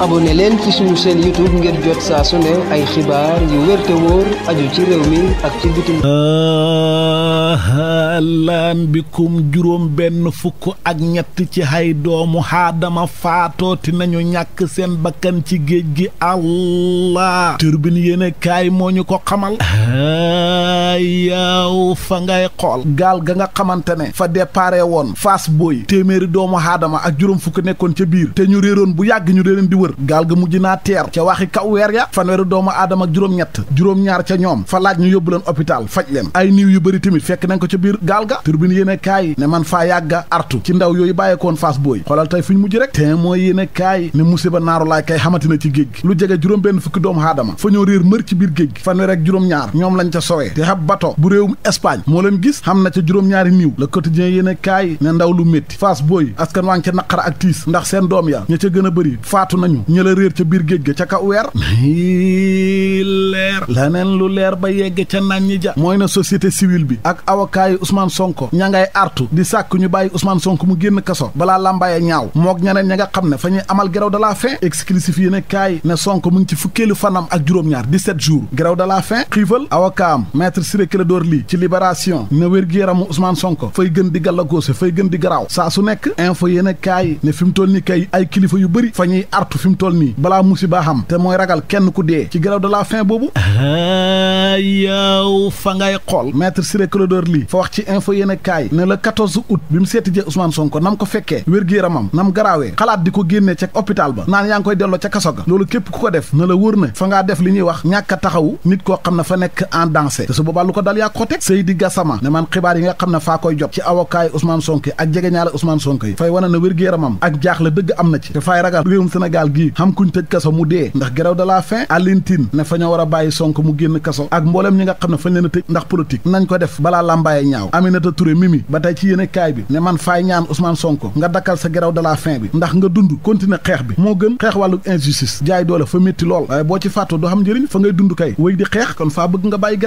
abonné leen ci suñu chaîne YouTube ngir jot saa su ne ay xibaar yu wér te wóor aju ci réew mi ak ci bitim lan bikum juróom benn fukk ak ñett ci ay doomu aadama faatooti nañu ñàkk seen bakkan ci géej gi allah turbine yéene kaay moo ñu ko xamal yaw fa ngay xool gaal ga nga xamante ne fa déparé woon faas booy téeméeri doomu aadama ak juróom fukk nekkoon ca biir te ñu réeroon bu yàgg ñu réeroon di wër gaal ga mujj naa teer ca waxi kaw weer ya fanweeri doomu aadama ak juróom-ñett juróom-ñaar ca ñoom fa laaj ñu yóbbu leen hôpital faj leen ay niiw yu bëri tamit fekk nañ ko ca biir gaal ga turbine yéene kaay ne man faa yàgga artu ci ndaw yooyu bàyyeekoon faas booy xoolal tey fi ñu mujj rek te mooy yéene kaay ne musiba naaru laay kay xamatina ci géej lu jege juróom benn fukki doomu aadama fa ñoo réer mër ci biir géej gi fanweer ak juróom-ñaar ñoom lañ ñaari niiw le quotidien yéene kaay ne ndaw lu métti faas booy askan waa ngi ca naqara ak tiis a bëri faatu nañu nañu réer ca biir géej ga ca kaw weer leer laneen lu leer ba yegg ca naan ñi ja mooy na société civile bi ak avocat yi Ousmane Sonko ña ngay artu di sàkk ñu bàyyi Ousmane Sonko mu génn kaso balaa làmbaaya ñaaw mook ñeneen ña nga xam ne fa ñuy amal grève de la faim exclusif yéen kaay ne Sonko mu ngi ci fukkeelu fanam ak juróom-ñaar 17 jours grève de la faim xiifal avocat am maître Ciré Clédor Ly ci libération ne wér-gu-yaramu Ousmane Sonko fay gën di gàllagoose fay gën di garaaw saa su nekk info yéen kaay ne fi mu toll ni kay ay kilifa yu bëri fa fi mu toll nii balaa musiba xam te mooy ragal kenn ku dee ci grève de la boobu ah, yow fa ngay xool maître Ciré Clédor Ly fa wax ci info yéene kaay ne le 14 août bi mu seeti jee Ousmane Sonko nam ko fekkee wér-gu-yaramam nam garaawee xalaat di ko génnee ca hôpital ba naan yaa ngi koy delloo ca kaso ga loolu képp ku ko def na la wóor ne fa nga def li ñuy wax ñàkk a taxawu nit koo xam ne fa nekk en danger te su boobaa lu ko dal yaa ko teg Seydi Gassama ne man xibaar yi nga xam ne faa koy jot ci avocat yi Ousmane Sonko ak jegeñaale Ousmane Sonko yi fay wane ne wér-gu-yaramam ak jaaxle dëgg am na ci te faay ragal réewum gi xam kuñ tëj kaso mu dee ndax grève de la faim àllintin ne fa ñoo war a bàyyi sonk mu génn kaso ak mbooleem ñi nga xam ne fañ leen a tëj ndax politique nañ ko def balaa làmbaaye ñaaw Aminata Touré mimi ba tey ci yéene kaay bi ne man faay ñaan Ousmane Sonko nga dakkal sa grève de la faim bi ndax nga dund continuer xeex bi moo gën xeex wàllu injustice jaay doole fa métti lool waaye boo ci fàttu doo xam njëriñ fa ngay dund kay wéy di xeex kon faa bëgg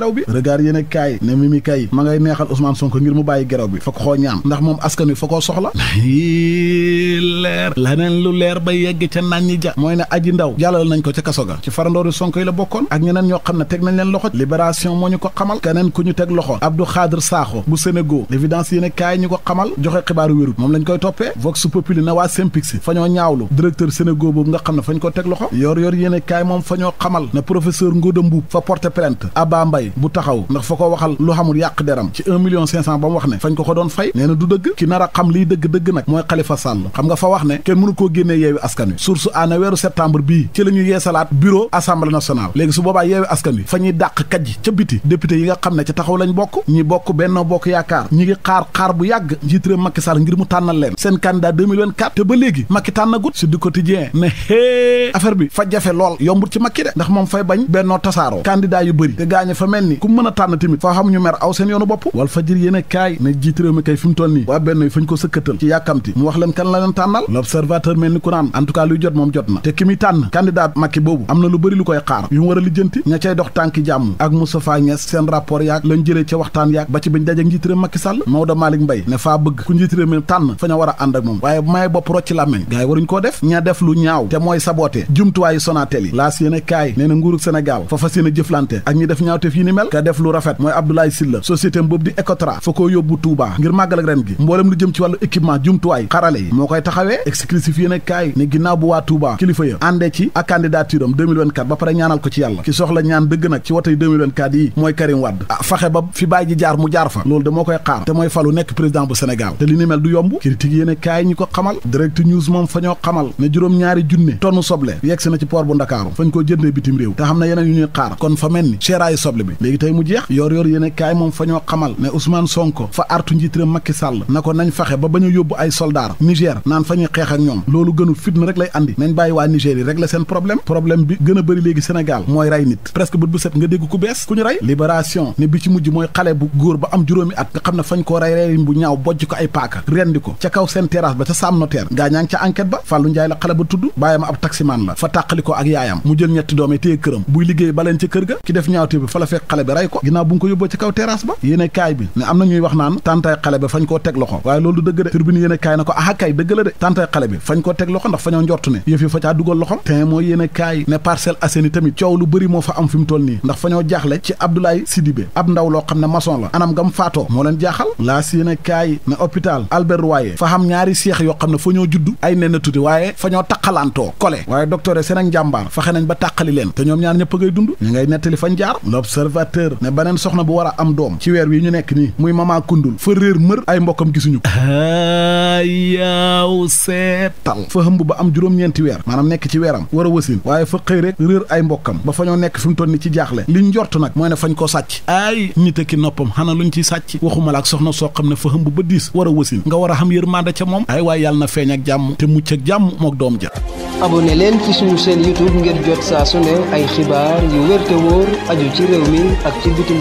ja mooy ne aji ndaw jàllal nañ ko ca kaso ga ci farandooru sonko yi la bokkoon ak ñeneen ñoo xam ne teg nañ leen loxo libération moo ñu ko xamal keneen ku ñu teg loxo abdou saaxo bu sénégal l'évidence yéen ñu ko xamal joxe xibaaru wérut moom lañ koy toppee vox populi na waa Synpics fa ñoo ñaawlu directeur sénégal boobu nga xam ne fañ ko teg loxo yor yor yéen moom fa xamal na professeur Ngouda a xam fa wax ne kenn mënu koo génnee ne weeru septembre bii ci la ñu yeesalaat bureau assemblée nationale léegi su boobaa yeewe nga xam ne ca taxaw lañ bokk ñi bokk Benno Bokk Yaakaar ñi ngi xaar xaar bu yàgg njiit réew Macky Sall ngir mu bi fa jafe lool yombut ci Macky de ndax moom fay bañ bennoo tasaaroo candidat yu bëri te gaañe fa mel ni ku mën a tànn tamit faa xam ñu mer aw seen yoonu bopp wal fajir yéen a ne jiit kay fi mu toll nii waa benn fa ñu ko sëkkatal ci yàkkamti mu wax leen kan la leen tànnal l'observateur mel ni ku naan en tout cas luy jot moom jot na te ki muy tànn candidat Macky boobu am na lu bëri lu koy xaar yu mu war a lijjanti ña cay dox tànki jàmm ak Moustapha Niass seen rapport yaag lañ jëlee ca waxtaan yaag ba ci bañ daje njiit réew Macky Sall Maodo Malick ne faa bëgg ku njiit réew tànn fa ña war a ànd ak moom waaye may bopp rocci làmmeñ gars waruñ koo def ña def lu ñaaw te mooy saboté jumtuwaayu Sonatel yi laas yéen e kaay nee nguurug Sénégal fa fas yéene jëflante ak ñi Touba kilifa ya àndee ci ak candidature am 2024 ba pare ñaanal ko ci yàlla ki soxla ñaan dëgg nag ci watay 2024 yi mooy Karim Wade ah faxe ba fi bàyyi jaar mu jaar fa loolu de moo koy xaar te mooy falu nekk président bu Sénégal te li ni mel du yomb critique yéen kaay ñi ko xamal direct news moom fa ñoo xamal ne juróom-ñaari junne tonn soble yegg si na ci port bu Ndakaaru fañ koo jëndee bitim réew te xam ne yeneen yu ñuy xaar kon fa mel ni seeraayu soble bi léegi tey mu jeex yor yor yéen kaay moom fa ñoo xamal ne Ousmane Sonko fa artu Sall na nañ faxe ba ba ñu yóbbu ay soldaar Niger naan fa ñuy ak ñoom loolu gënu fitna rek lay andi nañ waa Niger yi régler seen problème problème bi a bëri léegi Sénégal mooy rey nit presque bët bu set nga mooy xale bu góor ba am juróomi at nga ko ay paaka rendi ko ca kaw seen terrasse ba ca Sam Notaire gaa ñaa ngi ca enquête ba Fallou Ndiaye la xale ba tudd ab taximan la fa tàqali ko ak yaayam mu jël ñetti doome téye këram buy liggéey baleen ca kër ga ki def ñaawte bi fa xale bi rey ko ginnaaw bu nga ko yóbboo ca kaw terrasse ba yéene kaay bi ne am na ñuy wax naan tàntaay xale ba fañ koo teg loxo waaye loolu dëgg de turbine yéene kaay na ko aha dëgg la de tàntaay xale bi fañ koo teg loxo ndax fañoo njort ne yëfi fa caa dugal loxom te mooy yéen a kaay ne Parcelles Assainies tamit coow lu bëri moo fa am fi toll nii ndax fa ñoo jaaxle ci Abdoulaye Sidibé ab ndaw loo xam ne maçon la anam gam faatoo moo leen jaaxal laas yéen a ne hôpital Albert Royer fa xam ñaari seex yoo xam ne fa ñoo judd ay nen na tuuti waaye fa ñoo taqalantoo kole waaye docteur seen ak njàmbaar faxe ba tàqali leen te ñoom ñaar ñëpp ngay dund ñu ngay nettali fañ jaar l'observateur ne beneen a weer maanaam nekk ci weeram war a wasin waaye fa xëy rek réer ay mbokkam ba fa ñoo nekk fi mu ni ci jaaxle li njort nag mooy ne fañ ko sàcc ay nit ki noppam xana luñ ci sàcc waxuma la ak soxna soo xam ne fa hëmb ba diis war a wasin nga war a xam yërmande ca moom ay waaye yàlla na feeñ ak jàmm te mucc ak jàmm mook doom ja abonné leen ci suñu chaîne YouTube ngir jot saa su ne ay xibaar yu wér wóor aju ci réew mi ak ci bitim